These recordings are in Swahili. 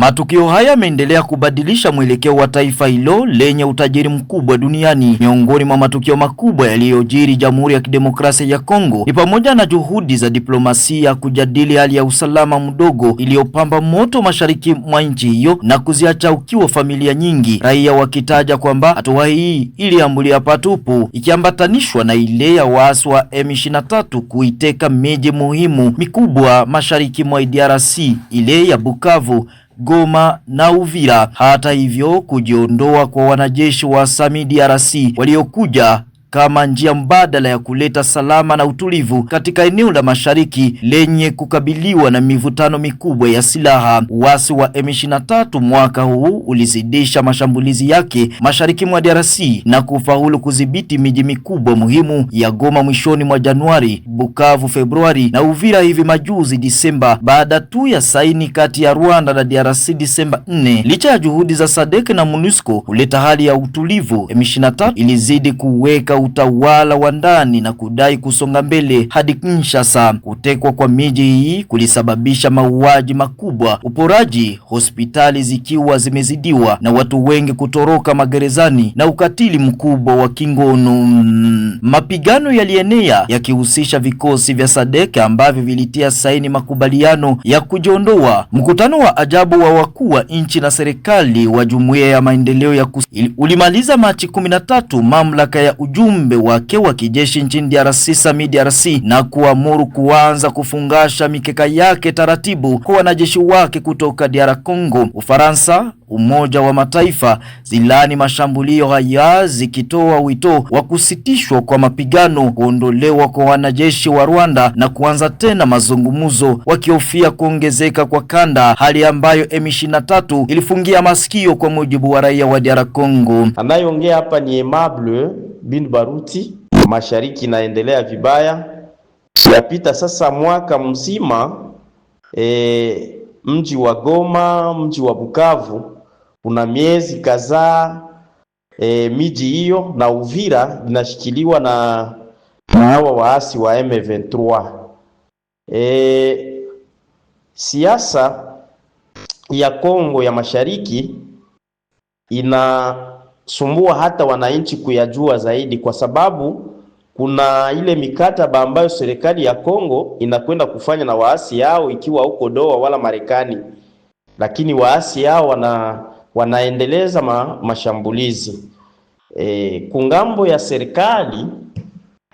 Matukio haya yameendelea kubadilisha mwelekeo wa taifa hilo lenye utajiri mkubwa duniani. Miongoni mwa matukio makubwa yaliyojiri Jamhuri ya Kidemokrasia ya Kongo ni pamoja na juhudi za diplomasia kujadili hali ya usalama mdogo iliyopamba moto mashariki mwa nchi hiyo na kuziacha ukiwa familia nyingi, raia wakitaja kwamba hatua hii iliambulia patupu, ikiambatanishwa na ile ya waasi wa M23 kuiteka miji muhimu mikubwa mashariki mwa DRC, ile ya Bukavu Goma na Uvira. Hata hivyo, kujiondoa kwa wanajeshi wa SAMI waliokuja kama njia mbadala ya kuleta salama na utulivu katika eneo la mashariki lenye kukabiliwa na mivutano mikubwa ya silaha. Uasi wa M23 mwaka huu ulizidisha mashambulizi yake mashariki mwa DRC na kufaulu kudhibiti miji mikubwa muhimu ya Goma mwishoni mwa Januari, Bukavu Februari na Uvira hivi majuzi Disemba, baada tu ya saini kati ya Rwanda na DRC Disemba 4. Licha ya juhudi za SADC na MONUSCO kuleta hali ya utulivu, M23 ilizidi kuweka utawala wa ndani na kudai kusonga mbele hadi Kinshasa. Kutekwa kwa miji hii kulisababisha mauaji makubwa, uporaji, hospitali zikiwa zimezidiwa na watu wengi kutoroka magerezani na ukatili mkubwa wa kingono. Mapigano yalienea yakihusisha vikosi vya SADC ambavyo vilitia saini makubaliano ya kujiondoa. Mkutano wa ajabu wa wakuu wa nchi na serikali wa Jumuiya ya Maendeleo ya Kusini ulimaliza Machi 13 mamlaka ya ujumu ujumbe wake wa kijeshi nchini DRC SAMIDRC na kuamuru kuanza kufungasha mikeka yake taratibu kwa wanajeshi wake kutoka DR Congo. Ufaransa Umoja wa Mataifa zilani mashambulio haya zikitoa wito wa kusitishwa kwa mapigano, kuondolewa kwa wanajeshi wa Rwanda na kuanza tena mazungumzo, wakihofia kuongezeka kwa kanda, hali ambayo M23 ilifungia masikio, kwa mujibu wa raia wa DR Congo. Anayeongea hapa ni Aimable bin Baruti. Mashariki inaendelea vibaya, yapita sasa mwaka mzima e, mji wa Goma, mji wa Bukavu kuna miezi kadhaa e, miji hiyo na Uvira inashikiliwa na hawa waasi wa M23. E, eh, siasa ya Kongo ya Mashariki inasumbua hata wananchi kuyajua zaidi, kwa sababu kuna ile mikataba ambayo serikali ya Kongo inakwenda kufanya na waasi hao, ikiwa huko Doha wala Marekani, lakini waasi hao wana wanaendeleza ma, mashambulizi e, kungambo ya serikali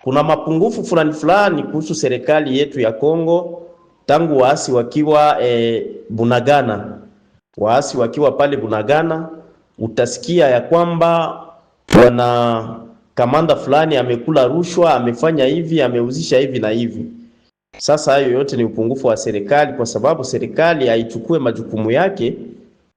kuna mapungufu fulani fulani kuhusu serikali yetu ya Kongo tangu waasi wakiwa e, Bunagana, waasi wakiwa pale Bunagana, utasikia ya kwamba wana kamanda fulani amekula rushwa, amefanya hivi, ameuzisha hivi na hivi. Sasa hayo yote ni upungufu wa serikali, kwa sababu serikali haichukue majukumu yake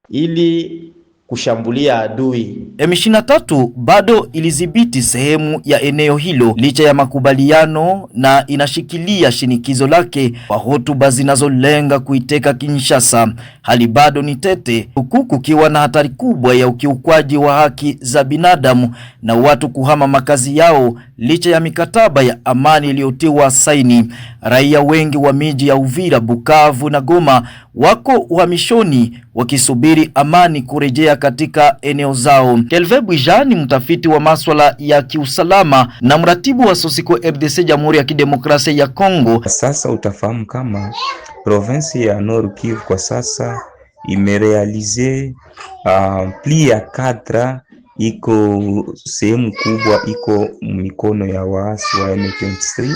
ili kushambulia adui. M23 bado ilidhibiti sehemu ya eneo hilo licha ya makubaliano na inashikilia shinikizo lake kwa hotuba zinazolenga kuiteka Kinshasa. Hali bado ni tete, huku kukiwa na hatari kubwa ya ukiukwaji wa haki za binadamu na watu kuhama makazi yao licha ya mikataba ya amani iliyotiwa saini. Raia wengi wa miji ya Uvira, Bukavu na Goma wako uhamishoni wakisubiri amani kurejea katika eneo zao. Kelve Bwija ni mtafiti wa maswala ya kiusalama na mratibu wa Sosiko FDC Jamhuri ya Kidemokrasia ya Kongo. Sasa utafahamu kama provinsi ya Nord Kivu kwa sasa imerealize uh, pli ya kadra iko sehemu kubwa iko mikono ya waasi wa M23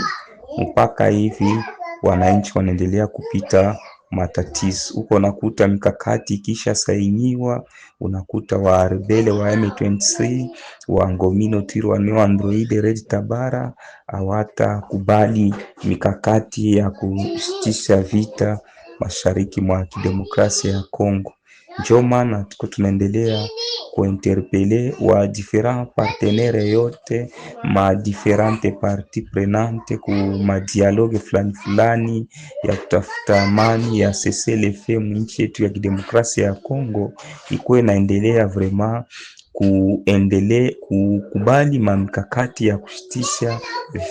mpaka hivi wananchi wanaendelea kupita matatizo huko, unakuta mikakati ikisha sainiwa, unakuta wa rebele wa M23 wa Ngomino Tirwaneho Android Red Tabara kubali mikakati ya kusitisha vita mashariki mwa kidemokrasia ya Kongo. Ndio maana tuko tunaendelea kuinterpele wa different partenere yote ma diferente parti prenante ku madialoge fulani fulani ya kutafuta amani ya CCLF nchi yetu ya kidemokrasia ya Kongo ikuwe naendelea vraiment kuendele kukubali mamkakati ya kusitisha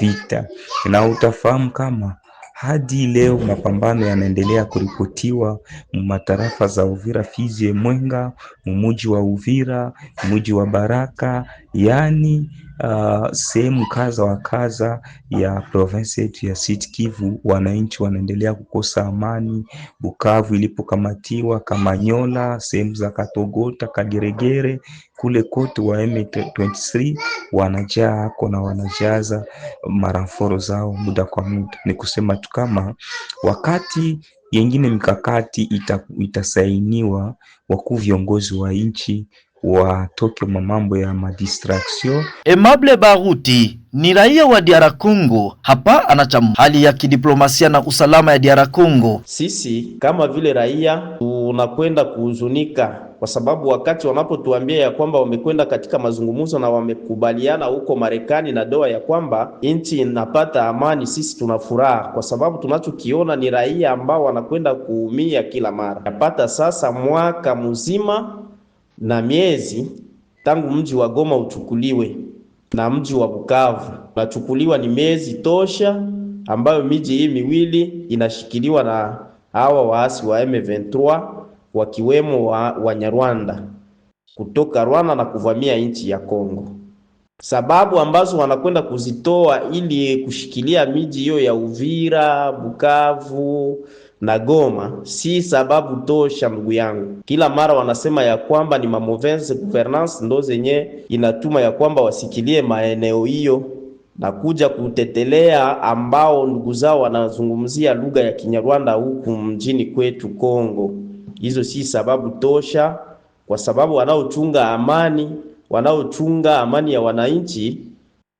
vita, na utafahamu kama hadi leo mapambano yanaendelea kuripotiwa matarafa za Uvira, Fizi, Mwenga, mumuji wa Uvira, muji wa Baraka, yani uh, sehemu kadha wa kadha ya province yetu ya Sud Kivu, wananchi wanaendelea kukosa amani. Bukavu ilipokamatiwa, Kamanyola, sehemu za Katogota, Kageregere kule kote wa M23 wanajaa ako na wanajaza maramforo zao muda kwa muda. Ni kusema tu kama wakati yengine mikakati ita, itasainiwa wakuu viongozi wa nchi watoke mwa mambo ya madistraction. Emable Baruti ni raia wa DR Congo, hapa anachamu hali ya kidiplomasia na usalama ya DR Congo. Sisi kama vile raia tunakwenda kuhuzunika kwa sababu wakati wanapotuambia ya kwamba wamekwenda katika mazungumzo na wamekubaliana huko Marekani na doa ya kwamba nchi inapata amani, sisi tuna furaha, kwa sababu tunachokiona ni raia ambao wanakwenda kuumia kila mara. Yapata sasa mwaka mzima na miezi tangu mji wa Goma uchukuliwe na mji wa Bukavu unachukuliwa, ni miezi tosha ambayo miji hii miwili inashikiliwa na hawa waasi wa M23 wakiwemo wa Wanyarwanda kutoka Rwanda na kuvamia nchi ya Kongo. Sababu ambazo wanakwenda kuzitoa ili kushikilia miji hiyo ya Uvira, Bukavu na Goma si sababu tosha, ndugu yangu. Kila mara wanasema ya kwamba ni mamovense gouvernance ndo zenye inatuma ya kwamba wasikilie maeneo hiyo na kuja kutetelea ambao ndugu zao wanazungumzia lugha ya Kinyarwanda huku mjini kwetu Kongo. Hizo si sababu tosha, kwa sababu wanaochunga amani, wanaochunga amani ya wananchi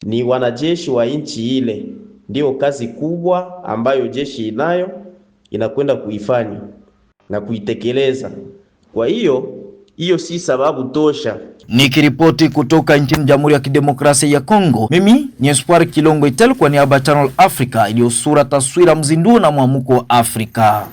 ni wanajeshi wa nchi ile. Ndiyo kazi kubwa ambayo jeshi inayo inakwenda kuifanya na kuitekeleza. Kwa hiyo hiyo si sababu tosha. Nikiripoti kutoka nchini Jamhuri ya Kidemokrasia ya Kongo, mimi ni Espoir Kilongo Itel kwa niaba ya Channel Africa iliyosura taswira mzinduo na mwamuko wa Afrika.